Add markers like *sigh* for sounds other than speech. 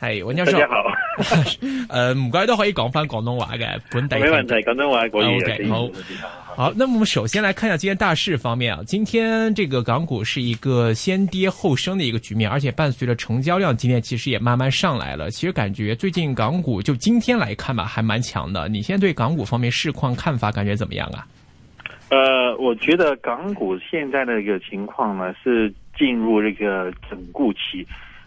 係，hey, 溫教授，誒家，唔 *laughs* 該、嗯，都可以講翻廣東話嘅本地，冇問題，廣東話可以嘅，好，那麼我們首先來看一下今天大市方面啊，今天這個港股是一個先跌後升的一個局面，而且伴隨着成交量，今天其實也慢慢上來了。其實感覺最近港股就今天來看吧，還蠻強的。你現在對港股方面市況看法，感覺怎麼樣啊？呃，我覺得港股現在的一個情況呢，是進入這個整固期。